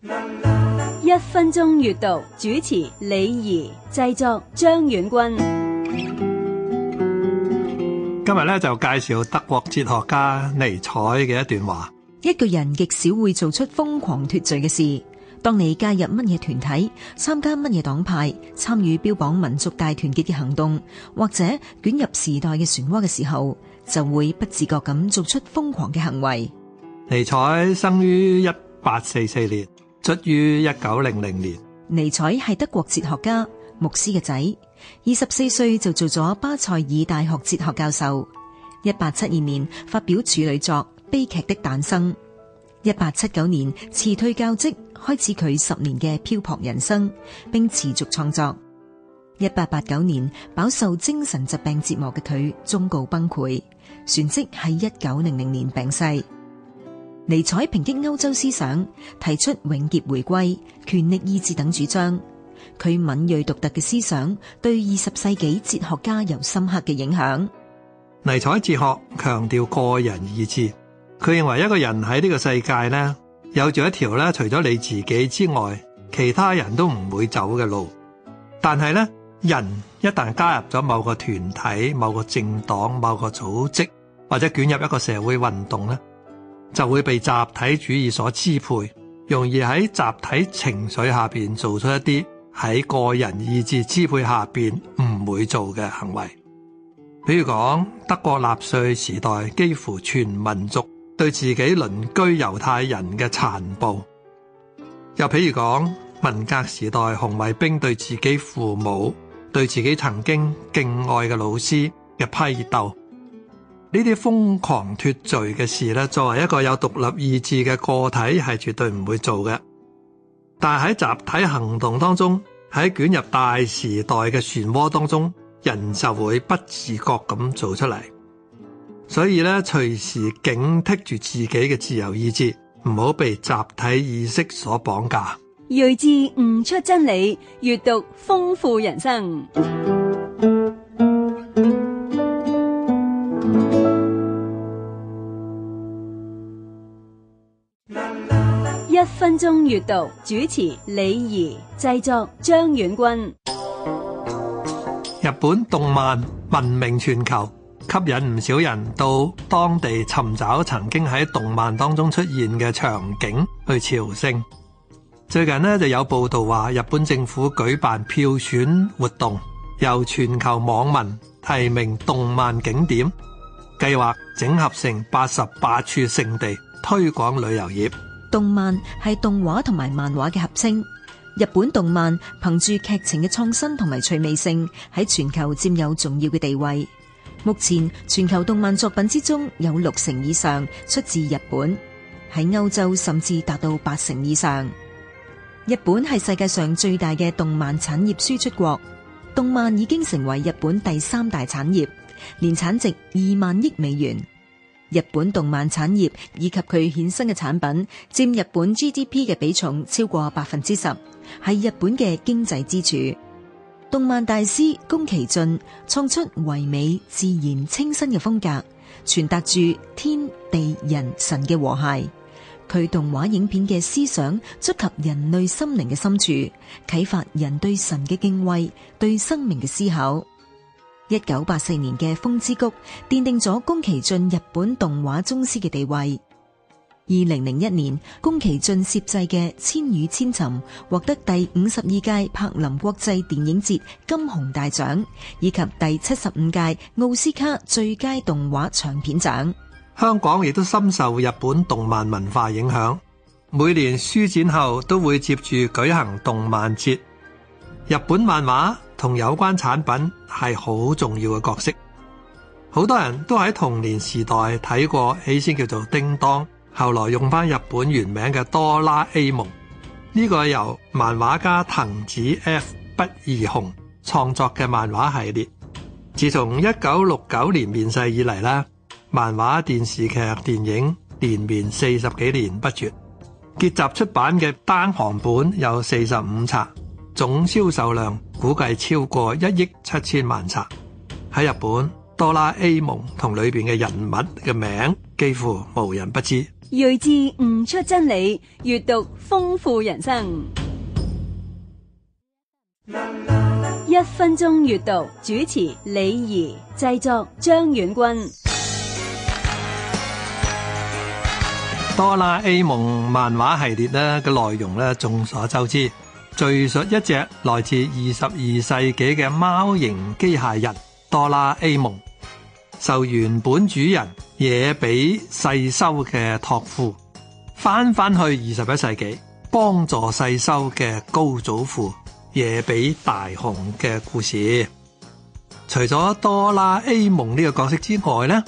一分鐘閱讀主持李儀製作張遠君。今日咧就介紹德國哲學家尼采嘅一段話。一個人極少會做出瘋狂脱罪嘅事。當你加入乜嘢團體、參加乜嘢黨派、參與標榜民族大團結嘅行動，或者捲入時代嘅漩渦嘅時候，就會不自覺咁做出瘋狂嘅行為。尼采生於一八四四年。卒於一九零零年。尼采係德國哲學家、牧師嘅仔，二十四歲就做咗巴塞爾大學哲學教授。一八七二年發表處女作《悲劇的誕生》。一八七九年辭退教職，開始佢十年嘅漂泊人生，並持續創作。一八八九年飽受精神疾病折磨嘅佢終告崩潰，旋即喺一九零零年病逝。尼采抨擊歐洲思想，提出永劫回歸、權力意志等主張。佢敏銳獨特嘅思想，對二十世紀哲學家有深刻嘅影響。尼采哲學強調個人意志，佢認為一個人喺呢個世界咧，有住一條咧，除咗你自己之外，其他人都唔會走嘅路。但係咧，人一旦加入咗某個團體、某個政黨、某個組織，或者捲入一個社會運動咧。就會被集體主義所支配，容易喺集體情緒下邊做出一啲喺個人意志支配下邊唔會做嘅行為。譬如講德國納粹時代，幾乎全民族對自己鄰居猶太人嘅殘暴；又譬如講文革時代，紅衛兵對自己父母、對自己曾經敬愛嘅老師嘅批鬥。呢啲瘋狂脫罪嘅事咧，作為一個有獨立意志嘅個體係絶對唔會做嘅。但係喺集體行動當中，喺捲入大時代嘅漩渦當中，人就會不自覺咁做出嚟。所以咧，隨時警惕住自己嘅自由意志，唔好被集體意識所綁架。睿智悟出真理，閱讀豐富人生。一分鐘閱讀主持李怡，製作張遠軍。日本動漫聞名全球，吸引唔少人到當地尋找曾經喺動漫當中出現嘅場景去朝聖。最近呢，就有報道話，日本政府舉辦票選活動，由全球網民提名動漫景點，計劃整合成八十八處聖地，推廣旅遊業。動漫係動畫同埋漫畫嘅合稱。日本動漫憑住劇情嘅創新同埋趣味性，喺全球佔有重要嘅地位。目前全球動漫作品之中，有六成以上出自日本，喺歐洲甚至達到八成以上。日本係世界上最大嘅動漫產業輸出國，動漫已經成為日本第三大產業，年產值二萬億美元。日本動漫產業以及佢衍生嘅產品，佔日本 GDP 嘅比重超過百分之十，係日本嘅經濟支柱。動漫大師宮崎駿創出唯美、自然、清新嘅風格，傳達住天地人神嘅和諧。佢動畫影片嘅思想觸及人類心靈嘅深處，啟發人對神嘅敬畏、對生命嘅思考。一九八四年嘅《風之谷》奠定咗宮崎駿日本動畫宗師嘅地位。二零零一年，宮崎駿攝製嘅《千與千尋》獲得第五十二屆柏林國際電影節金熊大獎，以及第七十五屆奧斯卡最佳動畫長片獎。香港亦都深受日本動漫文化影響，每年書展後都會接住舉行動漫節、日本漫畫，同有關產品係好重要嘅角色，好多人都喺童年時代睇過，起先叫做叮噹，後來用返日本原名嘅多啦 A 夢呢，這個由漫畫家藤子 F 不二雄創作嘅漫畫系列，自從一九六九年面世以嚟啦，漫畫、電視劇、電影連綿四十幾年不絕，結集出版嘅單行本有四十五冊。總銷售量估計超過一億七千萬冊。喺日本，哆啦 A 夢同裏邊嘅人物嘅名幾乎無人不知。睿智悟出真理，閱讀豐富人生。 一分鐘閱讀，主持李儀，製作張遠軍。哆啦 A 夢漫畫系列呢嘅內容呢，眾所周知。敘述一隻來自二十二世紀嘅貓型機械人哆啦 A 夢，受原本主人野比世修嘅託付，返返去二十一世紀幫助世修嘅高祖父野比大雄嘅故事。除咗哆啦 A 夢呢個角色之外，呢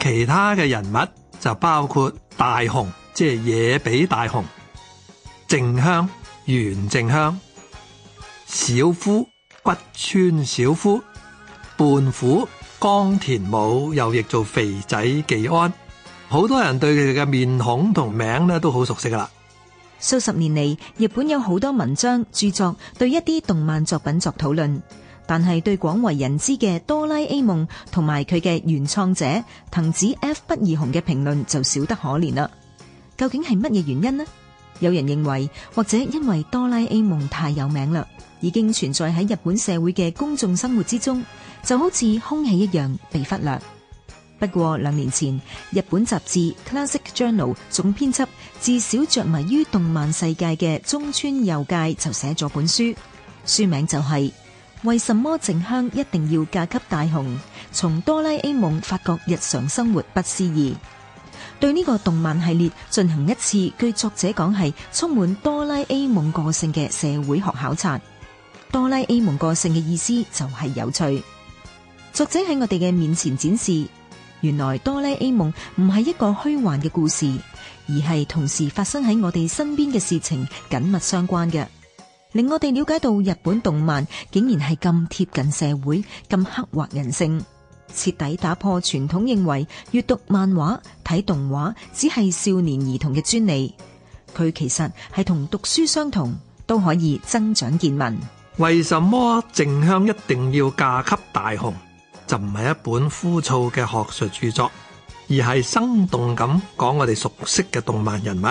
其他嘅人物就包括大雄，即係野比大雄、靜香、源靜香、小夫、骨川小夫、胖虎、剛田武，又譯做肥仔技安，好多人對佢哋嘅面孔同名咧都好熟悉噶啦。數十年嚟，日本有好多文章著作對一啲動漫作品作討論，但係對廣為人知嘅《哆啦 A 夢》同埋佢嘅原創者藤子 F 不二雄嘅評論就少得可憐啦。究竟係乜嘢原因呢？有人認為，或者因為哆啦 A 夢太有名了，已經存在喺日本社會嘅公眾生活之中，就好似空氣一樣被忽略。不過兩年前，日本雜誌 Classic Journal 總編輯，至少著迷於動漫世界嘅中川右介就寫咗本書，書名就係、是《為什麼靜香一定要嫁給大雄？從哆啦 A 夢發覺日常生活不思議》。對呢個動漫系列進行一次，據作者講係充滿哆啦 A 夢個性嘅社會學考察。哆啦 A 夢個性嘅意思就係有趣。作者喺我哋嘅面前展示，原來哆啦 A 夢唔係一個虛幻嘅故事，而係同時發生喺我哋身邊嘅事情緊密相關嘅，令我哋了解到日本動漫竟然係咁貼近社會，咁刻畫人性。徹底打破傳統認為閱讀漫畫、睇動畫只係少年兒童嘅專利，佢其實係同讀書相同，都可以增長見聞。為什麼靜香一定要嫁給大雄？就唔係一本枯燥嘅學術著作，而係生動咁講我哋熟悉嘅動漫人物。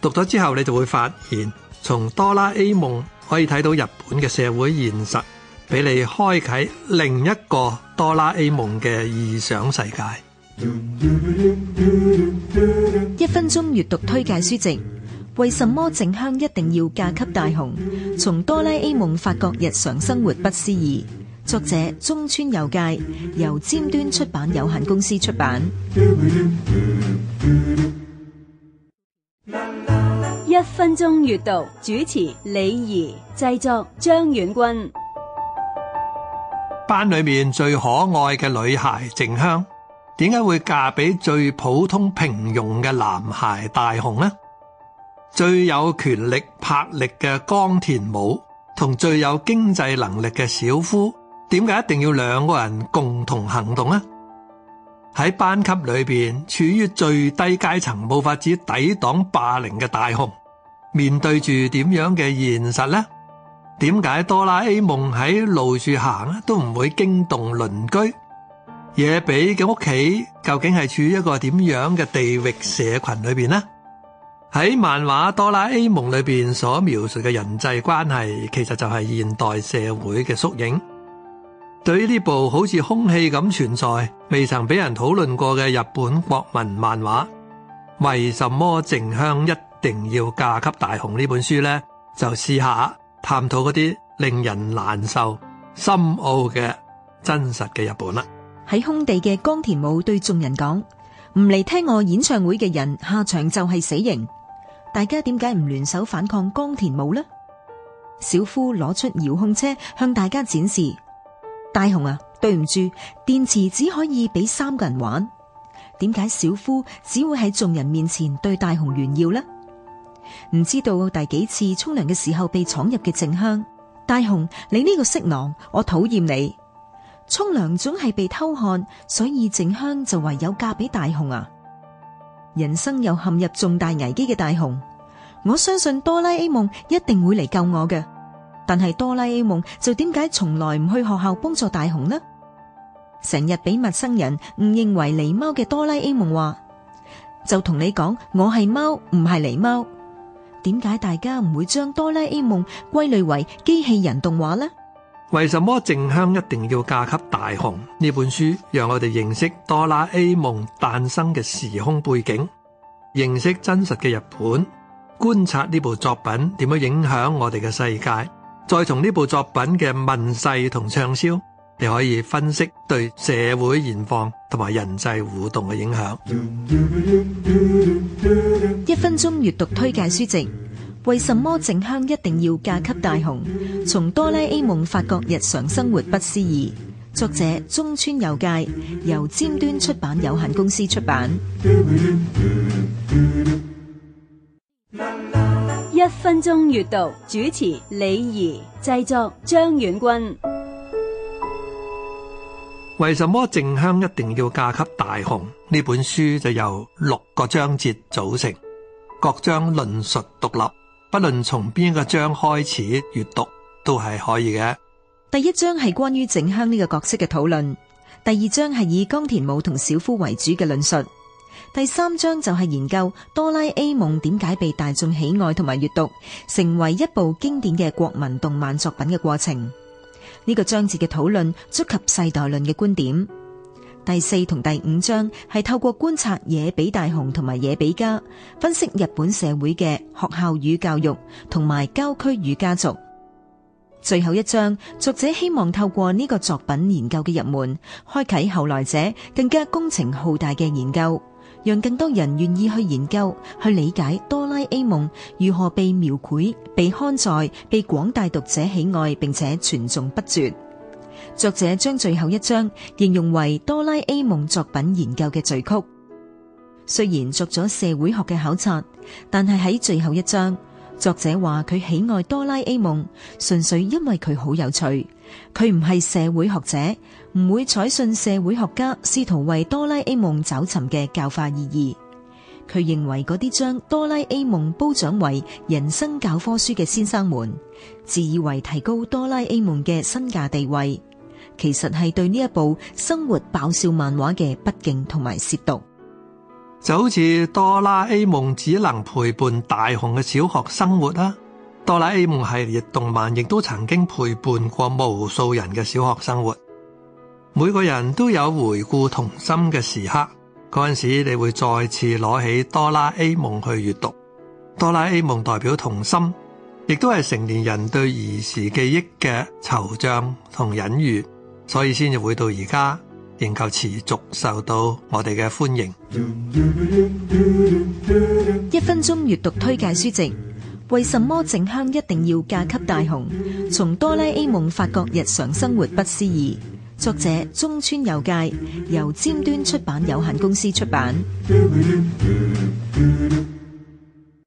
讀咗之後，你就會發現，從哆啦 A 夢可以睇到日本嘅社會現實。俾你開啟另一個哆啦 A 夢嘅異想世界。一分鐘閱讀推介書籍：為什麼靜香一定要嫁給大雄？從哆啦 A 夢發覺日常生活不思議。作者中川右介，由尖端出版有限公司出版。一分鐘閱讀主持李怡，製作張遠軍。班裏面最可愛嘅女孩靜香，點解會嫁俾最普通平庸嘅男孩大雄呢？最有權力魄力嘅江田武，同最有經濟能力嘅小夫，點解一定要兩個人共同行動呢？喺班級裏邊處於最低階層，冇法子抵擋霸凌嘅大雄，面對住點樣嘅現實呢？。點解哆啦探討嗰啲令人難受、深奧嘅真實嘅日本啦。喺空地嘅剛田武對眾人講：唔嚟聽我演唱會嘅人，下場就係死刑。大家點解唔聯手反抗剛田武呢？小夫攞出遙控車向大家展示。大雄啊，對唔住，電池只可以俾三個人玩。點解小夫只會喺眾人面前對大雄炫耀呢？，唔知道第幾次沖涼嘅時候被闖入嘅靜香。大雄，你呢個色狼，我討厭你。沖涼總係被偷看，所以靜香就唯有嫁俾大雄啊。人生又陷入重大危機嘅大雄，我相信哆啦點解大家唔會將哆啦 A 夢歸類為機器人動畫呢？為什麼靜香一定要嫁給大雄？呢本書讓我哋認識哆啦 A 夢誕生嘅時空背景，認識真實嘅日本，觀察呢部作品點樣影響我哋嘅世界，再從呢部作品嘅問世同暢銷。你可以分析對社會現況同埋人際互動嘅影響。一分鐘閱讀推介書籍：為什麼靜香一定要嫁給大雄？從哆啦 A 夢發覺日常生活不思議。作者：中川右介，由尖端出版有限公司出版。一分鐘閱讀主持李儀，製作張遠軍。為什麼靜香一定要嫁給大雄？呢本書就由六個章節組成，各章論述獨立，不論從邊個章開始閱讀都係可以嘅。第一章係關於靜香呢個角色嘅討論，第二章係以剛田武同小夫為主嘅論述，第三章就係研究《哆啦 A 夢》點解被大眾喜愛同埋閱讀，成為一部經典嘅國民動漫作品嘅過程。呢個章節嘅討論觸及世代論嘅觀點。第四同第五章係透過觀察野比大雄同埋野比家，分析日本社會嘅學校與教育同埋郊區與家族。最後一章，作者希望透過呢個作品研究嘅入門，開啟後來者更加工程浩大嘅研究。讓更多人願意去研究、去理解《哆啦 A 唔會採信社會學家試圖為哆啦 A 夢找尋嘅教化意義。佢認為嗰啲將哆啦 A 夢包裝為人生教科書嘅先生們，自以為提高哆啦 A 夢嘅身價地位，其實係對呢一部生活爆笑漫畫嘅不敬同埋褻瀆。就好似哆啦 A 夢只能陪伴大雄嘅小學生活啦，哆啦 A 夢系列動漫亦都曾經陪伴過無數人嘅小學生活。每個人都有回顧童心嘅時刻，嗰陣時你會再次攞起《哆啦 A 夢》去閱讀，《哆啦 A 夢》代表童心，亦都係成年人對兒時記憶嘅惆悵同隱喻，所以先至會到而家仍舊持續受到我哋嘅歡迎。一分鐘閱讀推介書籍：為什麼靜香一定要嫁給大雄？從《哆啦 A 夢》發覺日常生活不思議。作者中川右介，由尖端出版有限公司出版。